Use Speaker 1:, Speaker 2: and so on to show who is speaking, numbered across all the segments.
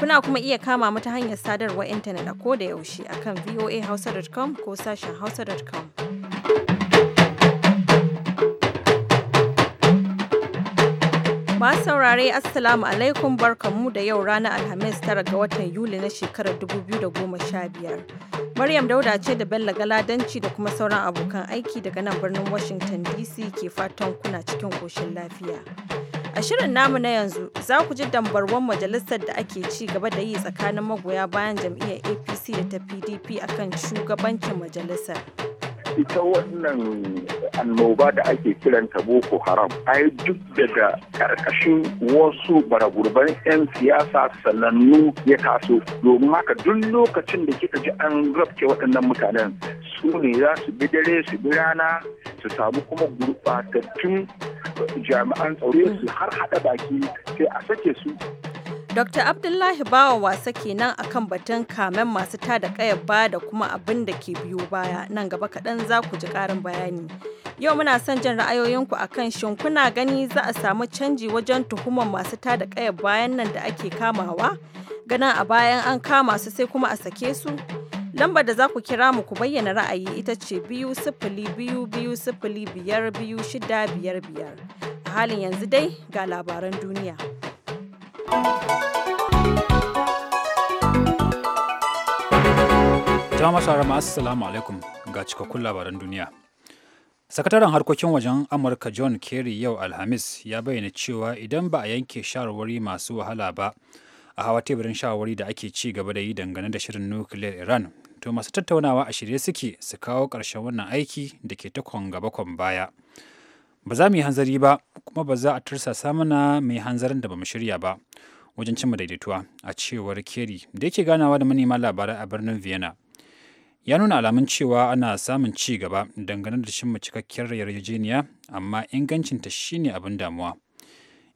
Speaker 1: Kuna kuma iya kama mu ta hanyar sadarwar intanet a ko da yaushe akan voahausa.com ko sashen hausa.com. Masu saurare Assalamu alaikum barkanmu da yau ranar Alhamis tara ga watan Yuli na shekarar 2015. Maryam Dauda ce da Bello Galadanci da kuma sauran abokan aiki daga nan birnin Washington DC ke fatan kuna cikin koshin lafiya. A shirin namu na yanzu za ku ji dambarwar majalisar da ake ci gaba da yi tsakanin magoya bayan jam'iyyar APC da ta PDP akan shugabancin majalisar.
Speaker 2: ita
Speaker 3: wannan annoba da ake kiranta boko haram ai duk daga karkashin wasu baragurban 'yan siyasa sanannu ya taso domin haka duk lokacin da kika ji an rafke waɗannan mutanen su ne za su bi dare su bi rana su samu kuma gurɓatattun jami'an tsaro su har haɗa baki sai a sake su
Speaker 1: Dr. Abdullahi Bawa wasa kenan akan batun kamen masu tada kayar ba da kuma abin da ke biyo baya nan gaba kaɗan za ku ji ƙarin bayani. Yau muna son jin ra'ayoyinku akan shin kuna gani za a samu canji wajen tuhumar masu tada kayar bayan nan da ake kamawa? Ganin a bayan an kama su sai kuma a sake su? Lambar da za ku kira mu ku bayyana ra'ayi ita ce biyu sifili biyu biyu sifili biyar biyu shida biyar biyar. A halin yanzu dai ga labaran duniya.
Speaker 4: Jama'a sarama assalamu alaikum ga cikakkun labaran duniya. Sakataren harkokin wajen Amurka John Kerry yau Alhamis ya bayyana cewa idan ba a yanke shawarwari masu wahala ba a hawa teburin shawarwari da ake ci gaba da yi dangane da shirin nukiliyar Iran, to masu tattaunawa a shirye suke su kawo ƙarshen wannan aiki da ke ta kwan gaba kwan baya. ba za mu yi hanzari ba kuma ba za a tursasa mana mai hanzarin da ba mu shirya ba wajen cimma daidaituwa a cewar keri da yake ganawa da manema labarai a birnin vienna ya nuna alamun cewa ana samun ci gaba dangane da cimma cikakkiyar yarjejeniya amma ingancinta shine abin damuwa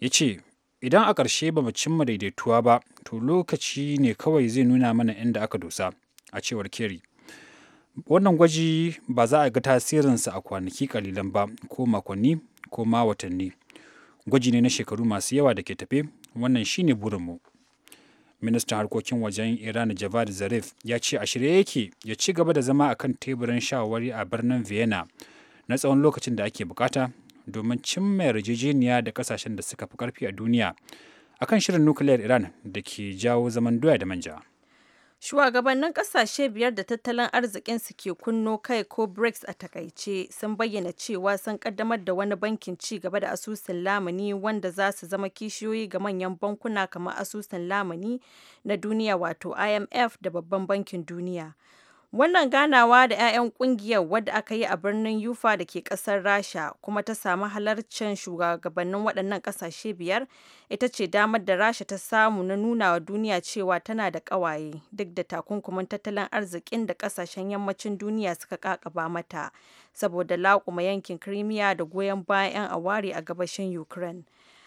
Speaker 4: ya ce idan a ƙarshe ba mu cimma daidaituwa ba to lokaci ne kawai zai nuna mana inda aka dosa a cewar keri wannan gwaji ba za a ga tasirinsa a kwanaki kalilan ba ko makonni ko ma watanni gwaji ne na shekaru masu yawa da ke tafe wannan shine burinmu ministan harkokin wajen iran javad zarif ya ce a shirye yake ya ci gaba da zama akan teburin shawari a birnin vienna na tsawon lokacin da ake bukata domin cimma yarjejeniya da kasashen da suka fi karfi a duniya akan shirin nukiliyar iran da ke jawo zaman doya da manja
Speaker 1: Shugabannin kasashe biyar da tattalin arzikin su ke kunno kai ko BRICS a takaice sun bayyana cewa sun kaddamar da wani bankin ci gaba da asusun lamani wanda za su zama kishiyoyi ga manyan bankuna kamar asusun lamani na duniya wato IMF da babban bankin duniya. Wannan ganawa da 'ya'yan ƙungiyar wadda aka yi a birnin yufa da ke ƙasar Rasha kuma ta samu halarcin shugabannin waɗannan ƙasashe biyar ita ce damar da Rasha ta samu na nuna wa duniya cewa tana da ƙawaye duk da takunkumin tattalin arzikin da ƙasashen yammacin duniya suka ƙaƙaba mata saboda laƙuma yankin Crimea da goyon bayan 'yan awari a gabashin Ukraine.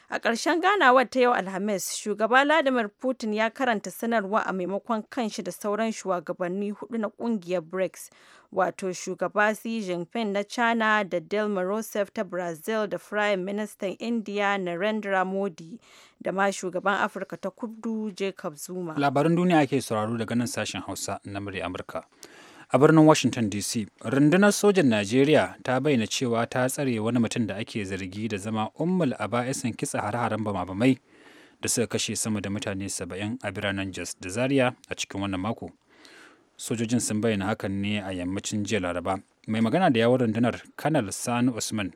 Speaker 1: A ƙarshen ganawar ta yau Alhamis, shugaba Vladimir Putin ya karanta sanarwa a maimakon kanshi da sauran shugabanni hudu na ƙungiyar BRICS, wato shugaba Xi Jinping na China da Dilma Rousseff ta Brazil da Prime Minister India Narendra Modi da ma shugaban Afirka ta Kudu Jacob Zuma. labarin
Speaker 4: duniya ake sauraro daga nan sashen Hausa na Amurka. a birnin washington dc rundunar sojan najeriya ta bayyana cewa ta tsare wani mutum da ake zargi da zama ummul aba'isin kitsa har-haren bamabamai da suka kashe sama da mutane saba'in a biranen jos da zaria a cikin wannan mako sojojin sun bayyana hakan ne a yammacin jiya laraba mai magana da yawon rundunar kanal sani usman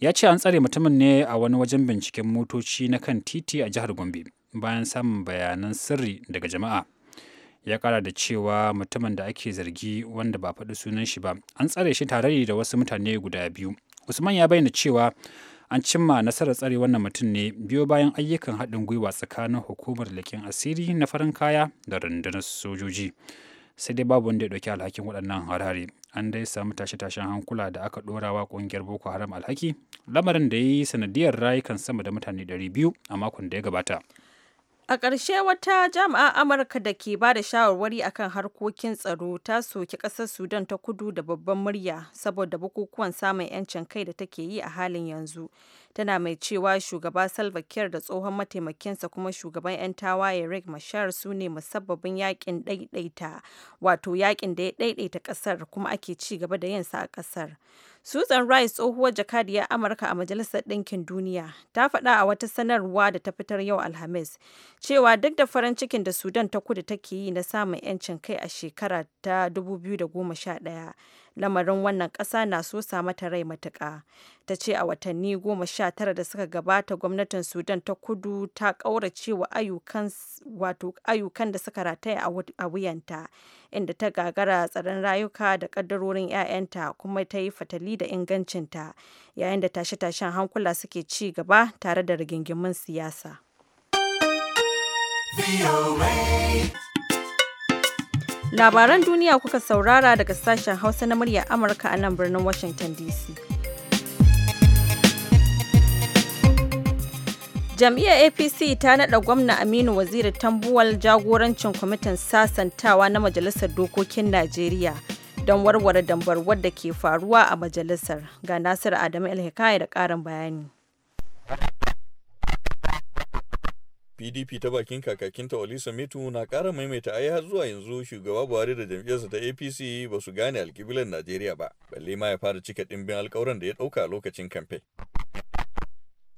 Speaker 4: ya ce an tsare mutumin ne a wani wajen binciken motoci na kan titi a jihar gombe bayan samun bayanan sirri daga jama'a ya kara da cewa mutumin da ake zargi wanda ba faɗi sunan shi ba an tsare shi tare da wasu mutane guda biyu usman ya bayyana cewa an cimma nasarar tsare wannan mutum ne biyo bayan ayyukan haɗin gwiwa tsakanin hukumar lakin asiri na farin kaya da rundunar sojoji sai dai babu wanda ya ɗauki alhakin waɗannan harare an dai samu tashe-tashen hankula da aka ɗora wa ƙungiyar boko haram alhaki lamarin da ya yi sanadiyar rayukan sama da mutane 200 a makon da ya gabata
Speaker 1: A ƙarshe wata jami'a Amurka da ke ba da shawarwari akan harkokin tsaro ta soki ƙasar Sudan ta kudu da babban murya saboda bukukuwan samun 'yancin kai da take yi a halin yanzu. tana mai cewa shugaba Salva Kiir da tsohon mataimakinsa kuma shugaban 'yan tawaye Rick Machar su ne musabbabin yakin daidaita wato yakin da ya daidaita kasar kuma ake ci gaba da yin sa a kasar. Susan Rice tsohuwar jakadiyar Amurka a Majalisar Ɗinkin Duniya ta faɗa a wata sanarwa da ta fitar yau Alhamis cewa duk da farin cikin da Sudan ta kudu take yi na samun 'yancin kai a shekara ta 2011 lamarin wannan ƙasa na sosa mata rai matuƙa ta ce a watanni goma sha tara da suka gabata gwamnatin sudan ta kudu ta ƙaurace wa ayyukan da suka rataya a wuyanta inda ta gagara tsaron rayuka da ƙaddarorin 'ya'yanta kuma ta yi fatali da ingancinta yayin da tashe-tashen hankula suke ci gaba tare da rigingimun siyasa. Labaran duniya kuka saurara daga sashen Hausa na murya Amurka a nan birnin Washington DC. Jam'iyyar APC ta naɗa gwamna Aminu Waziri Tambuwal jagorancin kwamitin sasantawa na Majalisar Dokokin Najeriya don warware dambarwar da ke faruwa a majalisar. Ga Nasiru Adamu Alhikaya da ƙarin bayani.
Speaker 5: PDP ta bakin kakakinta Olisa Mitu na ƙara maimaita ai har zuwa yanzu shugaba Buhari da jam'iyyarsa ta APC ba su gane alƙiblar Najeriya ba, balle ma ya fara cika dimbin alƙawuran da ya ɗauka lokacin kamfe.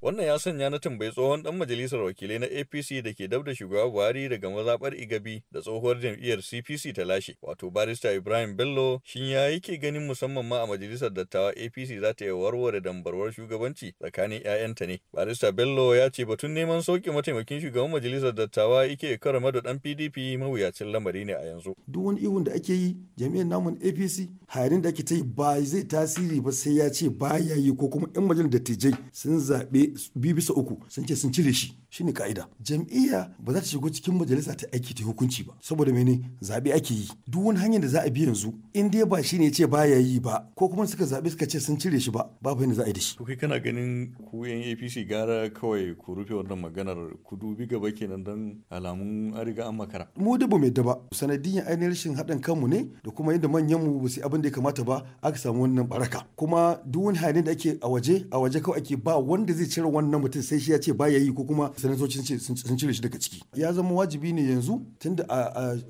Speaker 5: Wannan ya sanya na tambayi tsohon dan majalisar wakilai na APC da ke dabda shugaba Buhari daga mazabar Igabi da tsohuwar jam'iyyar CPC ta lashe, wato barista Ibrahim Bello shin ya yake ganin musamman ma a majalisar dattawa APC za ta iya warware dambarwar shugabanci tsakanin 'ya'yanta ne. Barista Bello ya ce batun neman sauke mataimakin shugaban majalisar dattawa yake kara mado dan PDP mawuyacin lamari ne a yanzu.
Speaker 6: Duk wani ihun da ake yi jami'an namun APC hayarin da ake ta yi ba zai tasiri ba sai ya ce ba ya yi ko kuma 'yan majalisar dattijai sun zaɓe biyu bisa uku sun ce sun cire shi shi ne ka'ida jam'iyya ba za ta shigo cikin majalisa ta aiki ta hukunci ba saboda mene zaɓe ake yi duk wani hanyar da za a bi yanzu in dai ba shine ce baya yi ba ko kuma suka zaɓe suka ce sun cire shi ba babu yadda za a yi da shi. to
Speaker 5: kai kana ganin ku yan apc gara kawai ku rufe wannan maganar ku dubi gaba kenan don alamun an riga an makara.
Speaker 6: mu da ba mai daba sanadiyyar ainihin rashin haɗin kanmu ne da kuma yadda manyanmu ba su abin da ya kamata ba aka samu wannan baraka kuma duk wani hanyar da ake a waje a waje kawai ake ba wanda zai cire irin wannan mutum sai shi ya ce baya yi ko kuma sanatoci sun cire shi daga ciki ya zama wajibi ne yanzu tunda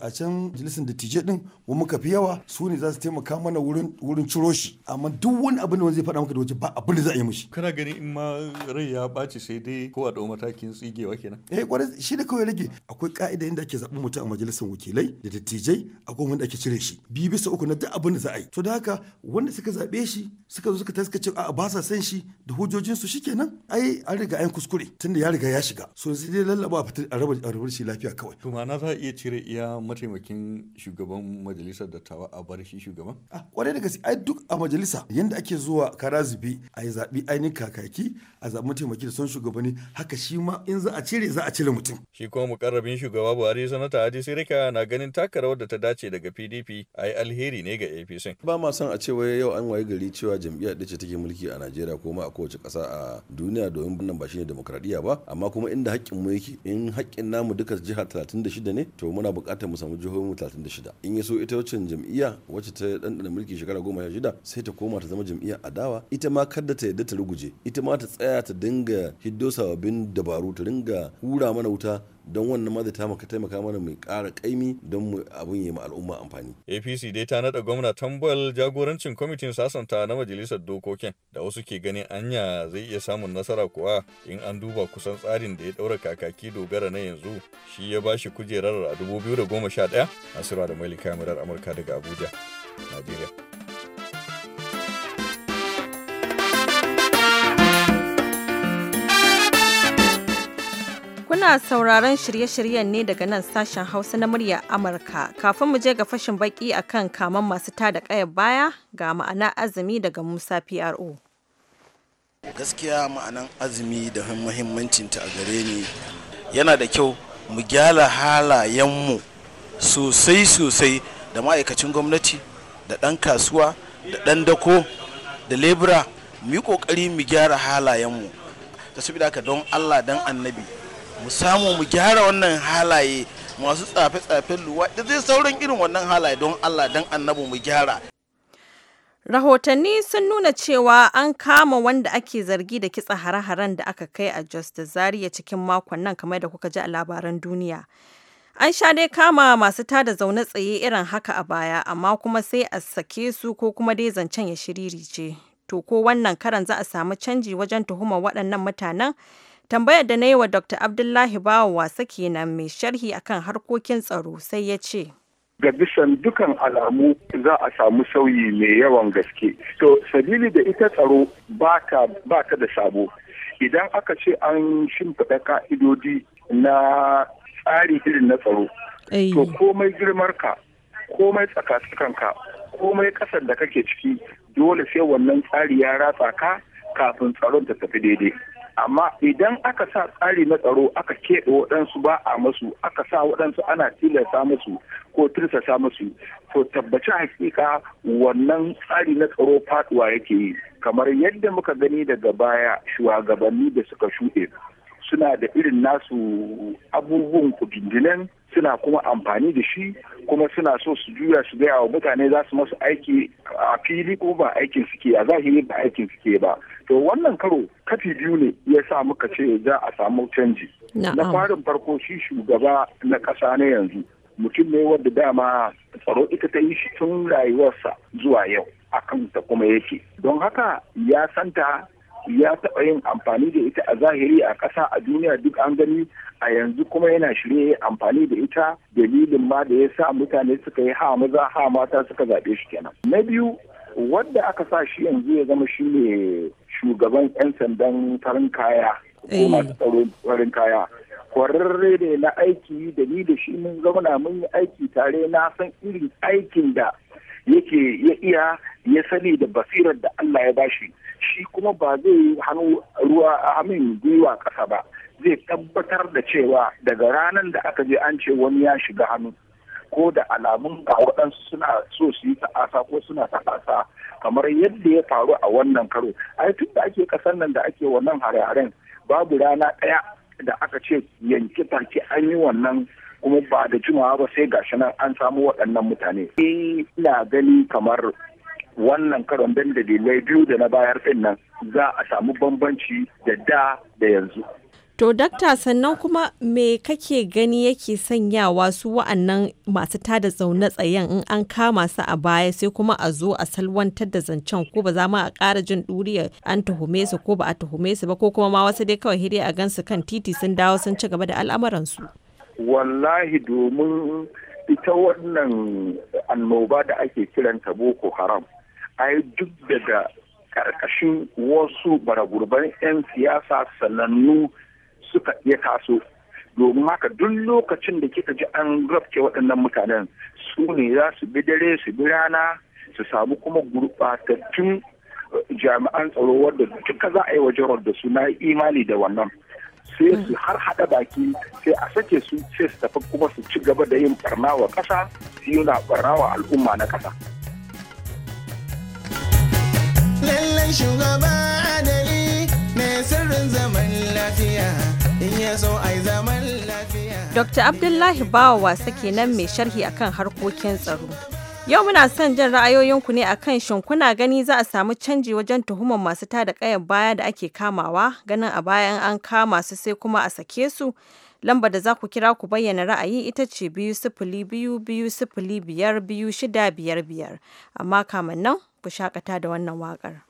Speaker 6: a can majalisar dattijai din mu muka fi yawa su ne za su taimaka mana wurin wurin ciro shi amma duk wani abin da wani zai faɗa maka da waje ba abin da za a yi mishi
Speaker 5: kana gani in ma rai ya ɓaci sai dai ko a ɗau matakin tsigewa kenan
Speaker 6: eh kwarai shi da kawai rage akwai ka'ida inda ake zaɓen mutum a majalisar wakilai da dattijai akwai wanda ake cire shi biyu bisa uku na duk abin da za a yi to da haka wanda suka zaɓe shi suka zo suka taskace a ba sa san shi da hujjojinsu kenan. ai an riga an kuskure tunda ya riga ya shiga so sai dai lallaba a fitar a shi lafiya kawai
Speaker 5: to ma'ana za a iya cire iya mataimakin shugaban majalisar dattawa a bar shi shugaban a ah, kwarai da gaske ai duk a majalisa yanda
Speaker 6: ake zuwa kara zubi a yi zaɓi ainihin kakaki a zaɓi mataimaki da son shugabanni haka shi ma in za a cire za a cire mutum
Speaker 5: shi kuma mukarrabin shugaba Buhari sanata Hadi Sirika na ganin taka rawar da ta dace daga PDP ai alheri ne ga APC
Speaker 6: ba ma son a cewa yau an waye gari cewa jam'iyyar dace ce take mulki a Najeriya ko ma a kowace kasa a duniya duniya domin wannan ba shine demokradiyya ba amma kuma inda haƙƙin mu yake in haƙƙin namu duka jiha 36 ne to muna buƙatar mu samu jihohin mu 36 in ya so ita wacce jam'iyya wacce ta ɗanɗana mulki shekara shida sai ta koma ta zama jam'iyya adawa ita ma kada ta yadda ta ruguje ita ma ta tsaya ta dinga hiddo sababbin dabaru ta dinga hura mana wuta don wannan ma zai taimaka mana mu kara kaimi don mu abin yi ma al'umma amfani.
Speaker 5: APC dai ta naɗa gwamna Tambal jagorancin kwamitin sasanta na majalisar dokokin da wasu ke ganin anya zai iya samun nasara kuwa in an duba kusan tsarin da ya ɗaura kakaki dogara na yanzu shi ya ba shi kujerar a 2011 Nasira da Malika Murar Amurka daga Abuja, Najeriya.
Speaker 1: Kuna sauraron shirye-shiryen ne daga nan sashen Hausa na murya Amurka. Kafin mu je ga fashin baki akan kaman masu tada kayar baya ga ma'ana azumi daga Musa PRO.
Speaker 6: Gaskiya ma'anan azumi da muhimmancinta a gare ni yana da kyau mu gyara halayenmu sosai sosai da ma'aikacin gwamnati da ɗan kasuwa da ɗan dako da lebura mu yi ƙoƙari mu gyara halayenmu ta saboda ka don Allah don annabi mu samu mu gyara wannan halaye masu tsafe-tsafen luwa da zai sauran irin wannan halaye don Allah don annabu mu gyara.
Speaker 1: Rahotanni sun nuna cewa an kama wanda ake zargi da kitsa hare-haren da aka kai a Jos da Zaria cikin makon nan kamar da kuka ji a labaran duniya. An sha dai kama masu tada zaune tsaye irin haka a baya, amma kuma sai a sake su ko kuma dai zancen ya shiriri ce. To ko wannan karan za a samu canji wajen tuhumar waɗannan mutanen Tambayar da na yi wa Dr. Abdullahi Bawa wasa kenan mai sharhi akan harkokin tsaro sai ya ce.
Speaker 3: ga bisan dukan alamu za a samu sauyi mai yawan gaske. To, sabili da ita tsaro ba ta da sabo. Idan aka ce an shimfiɗa ka'idodi na tsari irin na tsaro, to komai girmarka, komai tsakatsakanka, komai ƙasar da kake ciki, dole sai wannan tsari ya ratsa ka kafin tsaron ta tafi daidai. amma idan aka sa tsari na tsaro aka keɓe waɗansu ba a masu aka sa waɗansu ana tilasta masu ko tirsasa masu to tabbaci hakika wannan tsari na tsaro faɗuwa yake yi kamar yadda muka gani daga baya shugabanni da suka shuɗe suna da irin nasu abubuwan kujindinan suna kuma amfani da shi kuma suna so su juya su gaya wa mutane za su masu aiki a fili ko ba aikin suke a zahiri ba aikin suke ba to wannan karo kafi biyu ne ya sa muka ce za a samu canji
Speaker 2: na farin
Speaker 3: farko shi shugaba na ƙasa na yanzu mutum ne wanda dama tsaro ita ta yi shi tun rayuwarsa zuwa yau akan ta kuma yake don haka ya santa ya taɓa yin amfani da ita a zahiri a ƙasa a duniya duk an gani a yanzu kuma yana shirye amfani da ita dalilin ma da ya sa mutane suka yi ha maza ha mata suka zaɓe shi kenan. Na biyu wanda aka sa shi yanzu ya zama shi ne shugaban 'yan sandan farin kaya ko eh. masu tsaro farin kaya. Kwararre ne na aiki dalilin shi mun zauna mun yi aiki tare na san irin aikin da yake ya iya ya sani da basirar da Allah ya bashi shi kuma ba zai hannu ruwa amin gwiwa ƙasa ba zai tabbatar da cewa daga ranar da aka je an ce wani ya shiga hannu ko da alamun ga waɗansu suna so su yi ta'asa ko suna ta'asa kamar yadda ya faru a wannan karo ai tun da ake ƙasar nan da ake wannan hare-haren babu rana ɗaya da aka ce yanki take an yi wannan kuma ba da jimawa ba sai gashi nan an samu waɗannan mutane ina gani kamar wannan karon da dalilai biyu da na bayar ɗin nan za a samu bambanci da da da yanzu
Speaker 1: To dakta sannan kuma me kake gani yake sanyawa su wa'annan masu tada zaune tsayen in an kama su a baya sai kuma a zo a salwantar da zancen ko ba za ma a ƙara jin ɗuriya an tuhume su ko ba a tuhume su ba ko kuma ma wasu dai kawai hiri a gansu kan titi sun dawo sun ci gaba da al'amuransu.
Speaker 3: wallahi domin
Speaker 1: ita wannan
Speaker 3: annoba da ake kiranta boko haram ai duk daga karkashin wasu baragurban 'yan siyasa sanannu suka iya taso domin haka duk lokacin da kika ji an rafke waɗannan mutanen su ne za su bi dare su bi rana su samu kuma gurɓatattun jami'an tsaro wadda duka za a yi wajen da su na imani da wannan sai mm. su har hada baki sai a sake su sai su tafi kuma su ci gaba da yin barna wa kasa su yi na barna wa al'umma na kasa.
Speaker 7: Lallai shugaba adali ne sirrin zaman lafiya in ya so ai zaman
Speaker 1: lafiya. Dr. Abdullahi Bawa wasa kenan mai sharhi akan harkokin tsaro. Yau muna son jin ra'ayoyinku ne akan shin kuna gani za a samu canji wajen tuhumar masu tada kayan baya da ake kamawa ganin a bayan an kama su sai kuma a sake su. lamba da za ku kira ku bayyana ra'ayi ita ce biyu sifili biyu biyu sifili biyar biyu shida biyar biyar. Amma kamin nan ku shakata da wannan waƙar.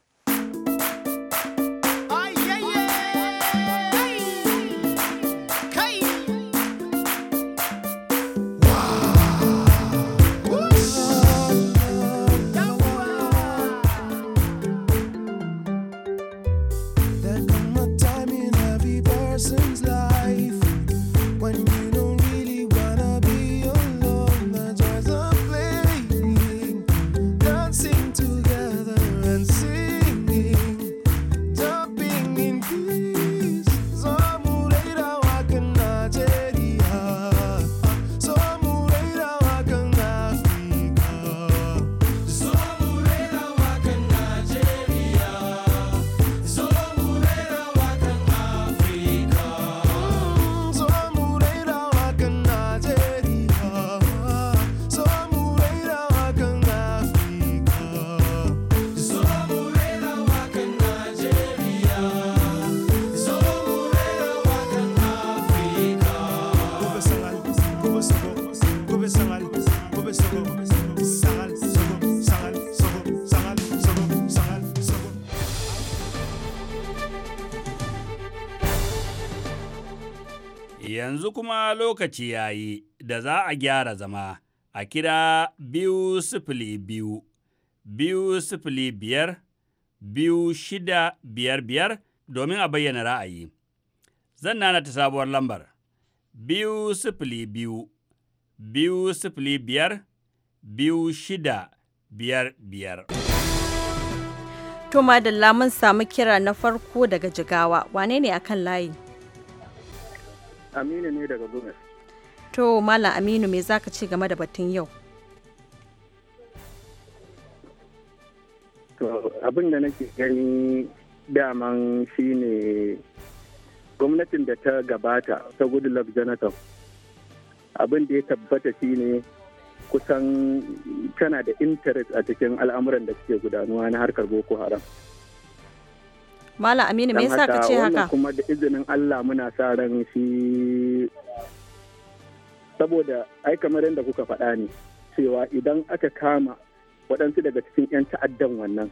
Speaker 5: yanzu kuma lokaci ya yi da za a gyara zama a kira biyu sifili biyu, biyu sifili biyar, biyu shida biyar biyar domin a bayyana ra'ayi. Zan nana ta sabuwar lambar, biyu sifili biyu, biyu sifili biyar, biyu shida biyar biyar.
Speaker 1: To madalla mun samu kira na farko daga jigawa, wane ne kan layi?
Speaker 2: Aminu ne daga Gomes.
Speaker 1: To Malam Aminu me zaka ce game da batun yau?
Speaker 2: To abin da nake gani daman shine gwamnatin da ta gabata ta Goodluck Jonathan abin da ya tabbata shine kusan tana da interest a cikin al'amuran da suke gudanuwa na harkar Boko Haram.
Speaker 1: Malam Aminu me yasa ka ce haka? kuma
Speaker 2: da izinin Allah muna sa ran shi saboda ai kamar yadda kuka faɗa ne cewa idan aka kama waɗansu daga cikin 'yan ta'addan wannan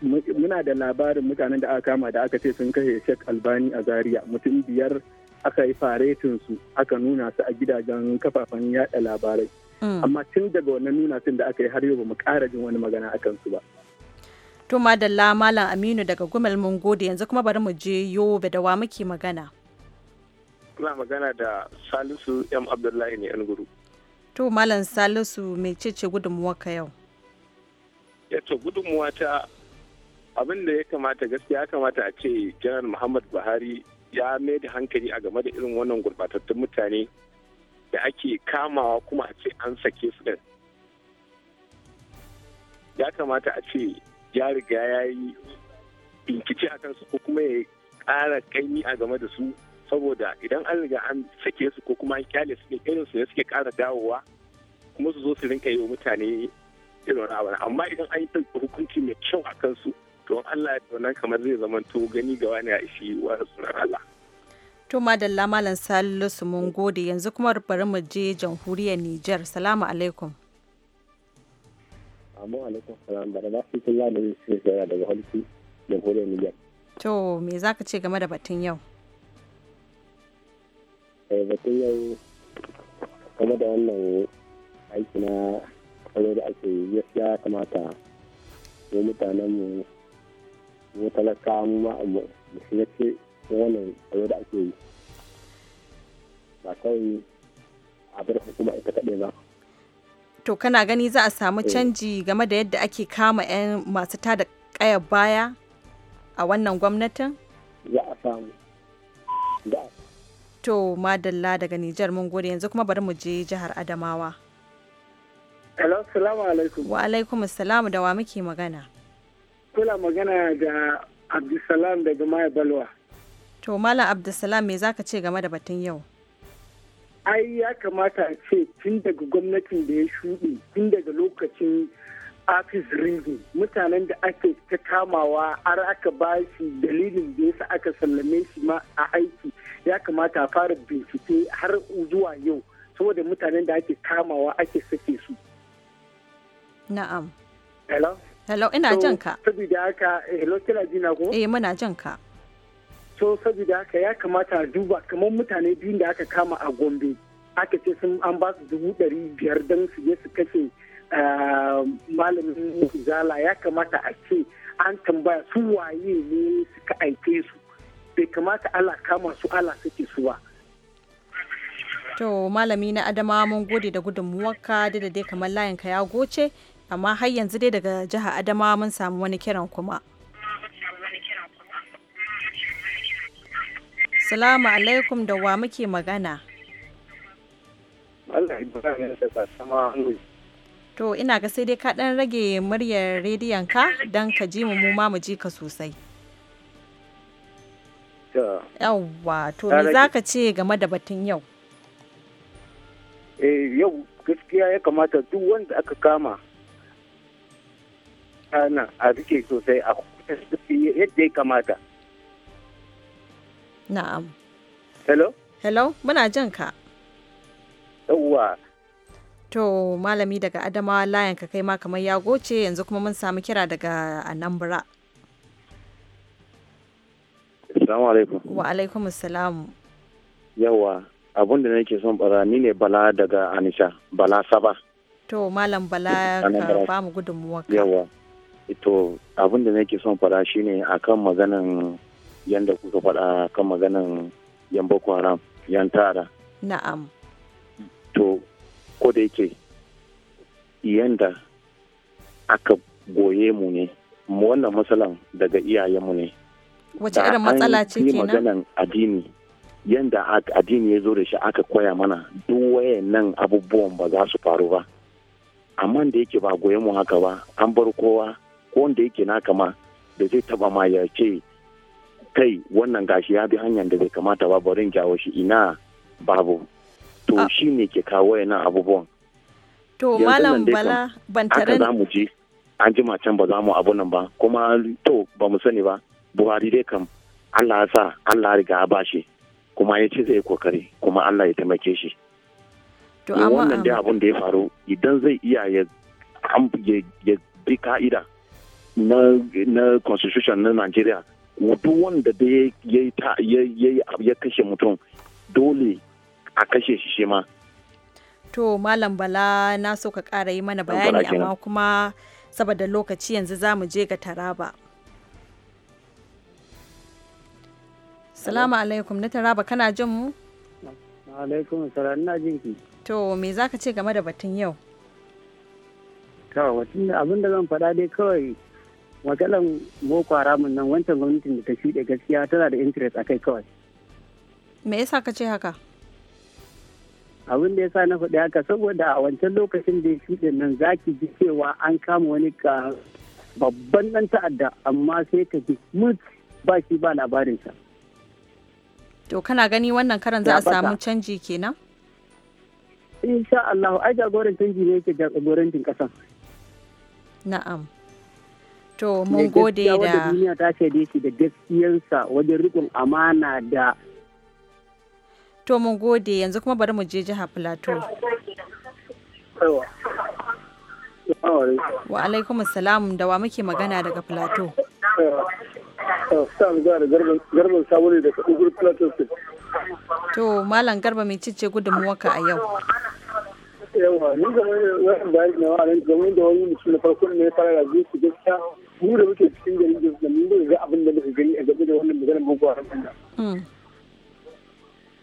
Speaker 2: muna da labarin mutanen da aka kama da aka ce sun kashe Sheikh Albani a Zaria mutum biyar aka yi faretin su aka nuna su a gidajen kafafen yada labarai mm. amma tun daga wannan nuna sun da aka yi har yau ba mu kara jin wani magana akan su ba
Speaker 1: To madalla Malam Aminu daga Gumel mun gode yanzu kuma bari mu je Yobe da wa muke magana.
Speaker 7: Ina magana da Salisu M Abdullahi ne yan guru.
Speaker 1: To Malam Salisu mai cece gudunmuwa ka yau?
Speaker 7: to gudunmuwa ta abin ya kamata gaskiya ya kamata a ce Janar Muhammad Buhari ya mai da hankali a game da irin wannan gurbatattun mutane da ake kamawa kuma a ce an sake su Ya kamata a ce ya riga ya yi binkici a kansu ko kuma ya ƙara kaimi a game da su saboda idan an riga an sake su ko kuma an kyale su ne irin su ne suke kara dawowa kuma su zo su rinka yi wa mutane irin wani amma idan an yi ɗauki hukunci mai kyau a kansu to Allah ya wannan kamar zai zama to gani ga wani a ishi wa sunan Allah.
Speaker 1: To madalla malam Salisu mun gode yanzu kuma bari mu je jamhuriyar Nijar. Salamu alaikum.
Speaker 7: Amma alaikum salam da na fi kula da shi da daga Holki da Koriya Niger.
Speaker 1: To me zaka ce game da batun yau?
Speaker 7: Eh batun yau game da wannan aiki na tsaro da ake yi gaskiya kamata mu mutanen mu mu talaka mu ma mu shiga ce wannan da ake yi ba kawai a hukuma ita kaɗai ba
Speaker 1: to kana gani za a samu eh. canji game da yadda ake kama 'yan masu tada kaya baya a wannan gwamnatin? Za a samu. To madalla daga Nijar mun gode yanzu kuma bari mu je jihar Adamawa.
Speaker 2: Hello, alaikum.
Speaker 1: Wa alaikum salamu da wa muke magana.
Speaker 2: Kula magana da Abdulsalam daga Maya Balwa.
Speaker 1: To Malam Abdulsalam me zaka ce game da batun yau?
Speaker 2: ai ya kamata a ce tun daga gwamnatin da ya shuɗe tun daga lokacin afis ringi mutanen da ake ta kamawa har aka ba shi dalilin da yasa aka sallame shi ma a aiki ya kamata a fara bincike har zuwa yau saboda mutanen da ake kamawa ake sake su na'am hello
Speaker 1: hello ina jan ka saboda aka eh, hello kina jina eh muna jan ka so saboda haka ya kamata
Speaker 2: a duba kamar mutane biyun da aka kama a gombe aka ce sun an ba su dubu ɗari biyar don su je su kashe ah, malamin zala ya kamata a ce an tambaya su waye ne suka aike su bai kamata ala kama su ala suke su ba
Speaker 1: to malami na adama mun gode da gudunmuwarka da da dai kamar ka ya goce amma har yanzu dai daga jihar adama mun samu wani kiran kuma Salamu alaikum da wa muke magana.
Speaker 2: Allah Ibrahim da
Speaker 1: sama To ina ga sai dai ka ɗan rage muryar rediyon ka don ka ji mu ma mu ji ka sosai. Yawwa, to me za ka ce game da batun yau?
Speaker 2: Eh yau gaskiya ya kamata duk wanda aka kama ana a rike sosai a yadda ya kamata.
Speaker 1: Na'am. Hello? Hello, muna jin ka. Yawwa. To, malami daga Adamawa layan ka kai ma kamar ya goce yanzu kuma mun samu kira daga Anambra.
Speaker 7: Assalamu alaikum. Wa
Speaker 1: alaikum assalam.
Speaker 7: Yawwa, abun da nake son bara ni ne Bala daga Anisha, Bala Saba.
Speaker 1: To, malam Bala ka ba mu gudunmuwa.
Speaker 7: Yawwa. To, abun da nake son fara shine akan maganan yadda kuka faɗa kan maganan yan boko haram yan tara na'am to ko da yake yanda aka goye mu ne wannan matsalan daga iyayenmu ne
Speaker 1: wace irin matsala ce kenan maganan
Speaker 7: addini yanda addini ya zo da shi aka koya mana duk wayannan abubuwan ba za su faru ba amma da yake ba goye mu haka ba an bar kowa ko wanda yake naka ma da zai taba ma ya ce kai wannan gashi ya bi hanyar da zai kamata ba barin jawo shi ina babu to ah. shi ne ke kawo yana abubuwan
Speaker 1: to malam bala bantaren aka za mu
Speaker 7: an jima can ba za mu abu nan ba kuma to ba mu sani ba buhari dai kam allah ya sa allah riga ya bashi kuma ya ce zai kokari kuma allah ya taimake shi
Speaker 1: to amma wannan dai abun da ya faru
Speaker 7: idan zai iya ya bi ka'ida na constitution na nigeria duk wanda da ya kashe mutum dole a kashe shi shi ma
Speaker 1: to malam bala na so ka kara yi mana bayani amma kuma saboda lokaci yanzu za mu je ga taraba salamu alaikum na taraba kana jin mu
Speaker 2: alaikum salam ina jin ki
Speaker 1: to me za ka ce game da batun yau
Speaker 2: to abin da zan faɗa dai kawai maganan boko haram nan wancan gwamnatin da ta shuɗe gaskiya tana da interest a kai kawai
Speaker 1: me yasa ka ce haka
Speaker 2: abin da yasa na faɗi haka saboda a wancan lokacin da ya shuɗe nan zaki ji cewa an kama wani ka babban ɗan ta'adda amma sai ka ji mut ba shi ba labarinsa
Speaker 1: to kana gani wannan karan za a samu canji kenan insha Allah ai jagorancin
Speaker 2: canji ne yake jagorancin ƙasa
Speaker 1: na'am To mun gode da. Wata duniya
Speaker 2: ta shaide shi da gaskiyarsa wajen rikon amana da.
Speaker 1: To mun gode yanzu kuma bari mu je jiha Filato. Wa alaikum salam da wa muke magana daga Filato.
Speaker 2: Garban sabo ne daga Ugur Plateau
Speaker 1: To Malam Garba mai cice gudunmuwarka a yau. Yawa, ni
Speaker 2: zama da wani bayani na wani da wani mutum na farko ne ya fara razi su gaskiya mu da muke cikin garin Jos da mun ga abin da muka gani a game da wannan maganar Boko Haram din. Hmm.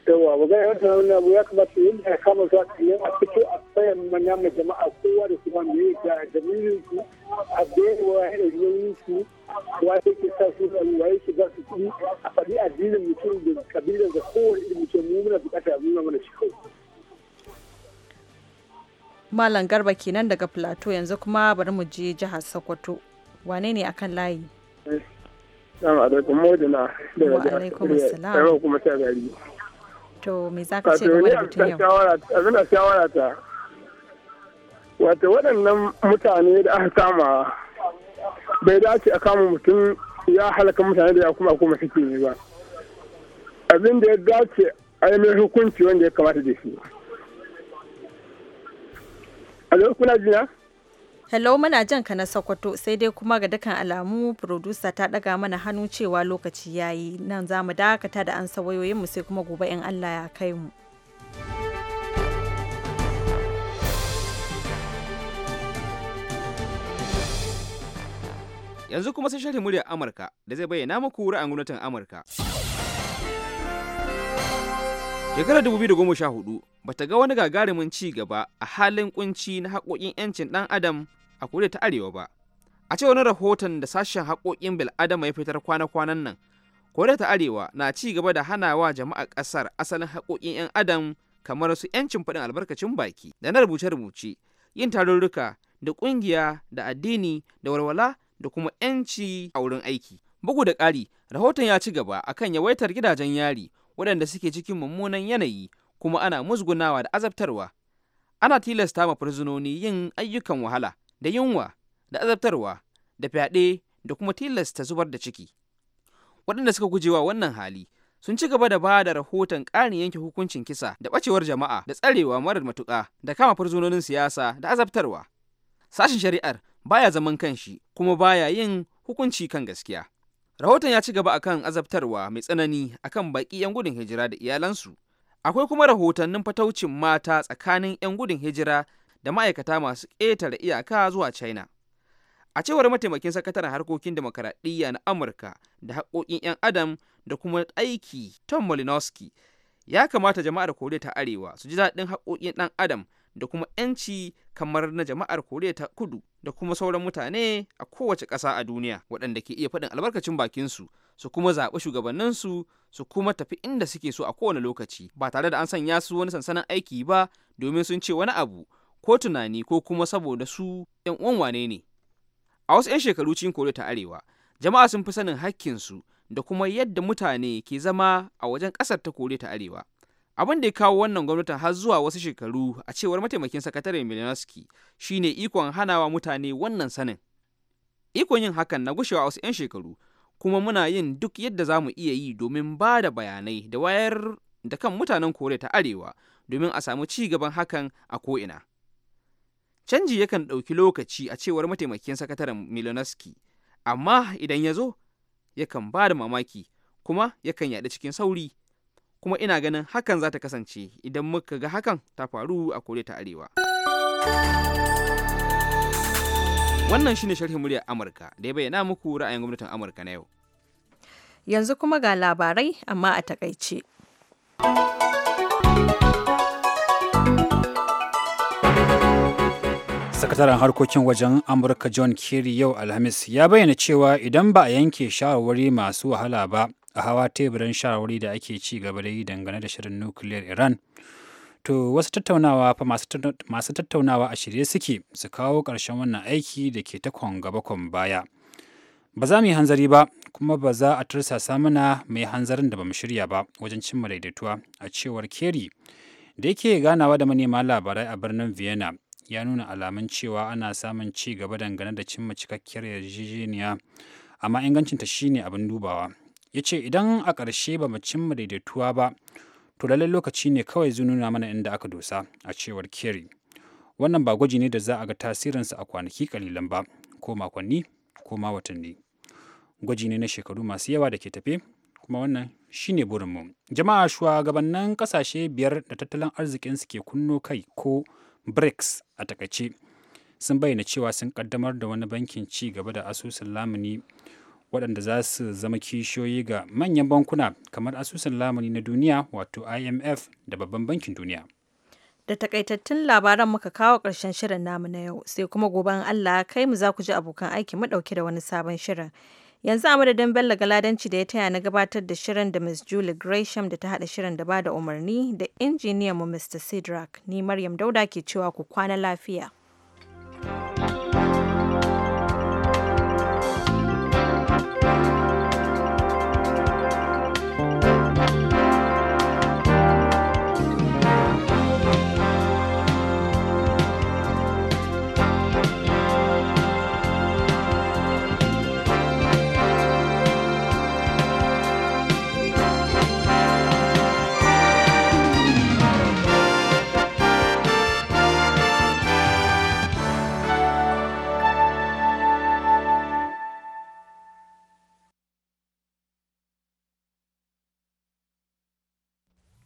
Speaker 2: Yawa magana yawan da wannan abu ya kamata yin da kama za a yi a fito a tsayan manya mai jama'a kowa da kuma yi da dalilin su a bayan wa ya da yoyin su wa ya ke sa su da wa ya ke za su ci a faɗi addinin mutum da kabilar da kowane irin mutum mu muna bukata a nuna mana shi
Speaker 1: Malam Garba kenan daga Plateau yanzu kuma bari mu je jihar Sokoto. wane ne akan layi
Speaker 2: Assalamu alaikum modina daga jihar
Speaker 1: To me za ka ce game da mutum yau?
Speaker 2: shawara ta wato waɗannan mutane da aka kama bai dace a kama mutum ya halaka mutane da ya kuma kuma suke ne ba abin da ya
Speaker 3: dace a yi mai hukunci wanda ya kamata da shi
Speaker 2: a
Speaker 1: kuna jina? Hello muna jan ka na Sokoto sai dai kuma ga dukkan alamu producer ta daga mana hannu cewa lokaci yayi nan za mu dakata da an wayoyin mu sai kuma gobe in Allah ya kai mu.
Speaker 8: Yanzu kuma sai shirin muryar Amurka da zai bayyana muku ra'ayin gwamnatin Amurka. Shekarar 2014 bata ga wani gagarumin ci gaba a halin kunci na haƙoƙin 'yancin ɗan adam a koriya ta arewa ba a ce wani rahoton da sashen haƙoƙin bil'adama ya fitar kwana-kwanan nan koriya ta arewa na ci gaba da wa jama'a ƙasar asalin haƙoƙin 'yan adam kamar su 'yancin faɗin albarkacin baki da na rubuce-rubuce yin tarurruka da ƙungiya da addini da walwala da kuma 'yanci a wurin aiki bugu da ƙari rahoton ya ci gaba akan yawaitar gidajen yari waɗanda suke cikin mummunan yanayi kuma ana musgunawa da azabtarwa ana tilasta ma fursunoni yin ayyukan wahala da yunwa da azabtarwa da fyaɗe da kuma tilasta zubar da ciki waɗanda suka gujewa wannan hali sun ci gaba da ba da rahoton ƙarin yanke hukuncin kisa da ɓacewar jama'a da tsarewa marar matuƙa da kama fursunonin siyasa da azabtarwa sashen shari'ar baya zaman kanshi kuma baya yin hukunci kan gaskiya rahoton ya ci gaba akan azabtarwa mai tsanani akan baƙi 'yan gudun hijira da iyalansu akwai kuma rahotannin fataucin mata tsakanin 'yan gudun hijira da ma'aikata masu ƙetare iyaka zuwa china a cewar mataimakin sakataren harkokin demokaradiyya na amurka da haƙoƙin 'yan adam da kuma aiki tom molinowski ya kamata jama'ar koriya ta arewa su ji daɗin haƙoƙin ɗan adam da kuma 'yanci kamar na jama'ar koriya ta kudu da kuma sauran mutane a kowace ƙasa a duniya waɗanda ke iya faɗin albarkacin bakinsu su kuma zaɓi shugabanninsu su kuma tafi inda suke so a kowane lokaci ba tare da an sanya su wani sansanin aiki ba domin sun ce wani abu ko tunani ko kuma saboda su ‘yan uwan wane ne. A wasu ‘yan shekaru cikin kore ta Arewa, jama'a sun fi sanin hakkinsu da kuma yadda mutane ke zama a wajen ƙasar ta Koriya ta Arewa. Abin da ya kawo wannan gwamnatin har zuwa wasu shekaru a cewar mataimakin sakataren shi shine ikon hanawa mutane wannan sanin. Ikon yin hakan na gushewa wasu 'yan shekaru kuma muna yin duk yadda za mu iya yi domin ba da bayanai da wayar da kan mutanen Koriya ta Arewa domin a samu ci gaban hakan a ko'ina. Canji yakan ɗauki lokaci a cewar mataimakin sakataren milonowski amma idan ya zo, yakan ba da mamaki kuma yakan yaɗa cikin sauri. Kuma ina ganin hakan za ta kasance idan muka ga hakan ta faru a kore ta Arewa. Wannan shine sharhin muryar Amurka da ya bayyana muku ra'ayin gwamnatin Amurka na yau.
Speaker 1: Yanzu kuma ga labarai amma a takaice.
Speaker 4: sakataren harkokin wajen amurka john kerry yau alhamis ya bayyana cewa idan ba a yanke shawarwari masu wahala ba a hawa teburin shawarwari da ake ci gaba da yi dangane da shirin nukiliyar iran to wasu tattaunawa fa masu tattaunawa a shirye suke su kawo karshen wannan aiki da ke ta gaba kwan baya ba za mu yi hanzari ba kuma ba za a tursasa mana mai hanzarin da ba mu shirya ba wajen cimma daidaituwa a cewar keri da yake ganawa da manema labarai a birnin vienna ya nuna alamun cewa ana samun ci gaba dangane da cimma cikakkiyar yarjejeniya amma ingancinta shine abin dubawa ya ce idan a ƙarshe ba mu cimma daidaituwa ba to lallai lokaci ne kawai zai nuna mana inda aka dosa a cewar kerry wannan ba gwaji ne da za a ga tasirinsa a kwanaki kalilan ba ko makonni ko ma watanni gwaji ne na shekaru masu yawa da ke tafe kuma wannan shine burinmu jama'a shugabannin kasashe biyar da tattalin arzikin su ke kunno kai ko brics a takaice sun bayyana cewa sun kaddamar da wani bankin ci gaba da asusun lamuni waɗanda za su zama kishiyoyi ga manyan bankuna kamar asusun lamuni na duniya wato imf da babban bankin duniya
Speaker 1: da takaitattun labaran muka kawo ƙarshen shirin namu na yau sai kuma gobe Allah kai mu za ku ji abokan aiki mu ɗauke da wani sabon shirin Yanzu a madadin Bello Galadanci da ya taya na gabatar da shirin da miss Julie Gresham da ta haɗa shirin da ba da umarni da injiniyanmu Mr. Sidrak, ni Maryam Dauda ke cewa ku kwana lafiya.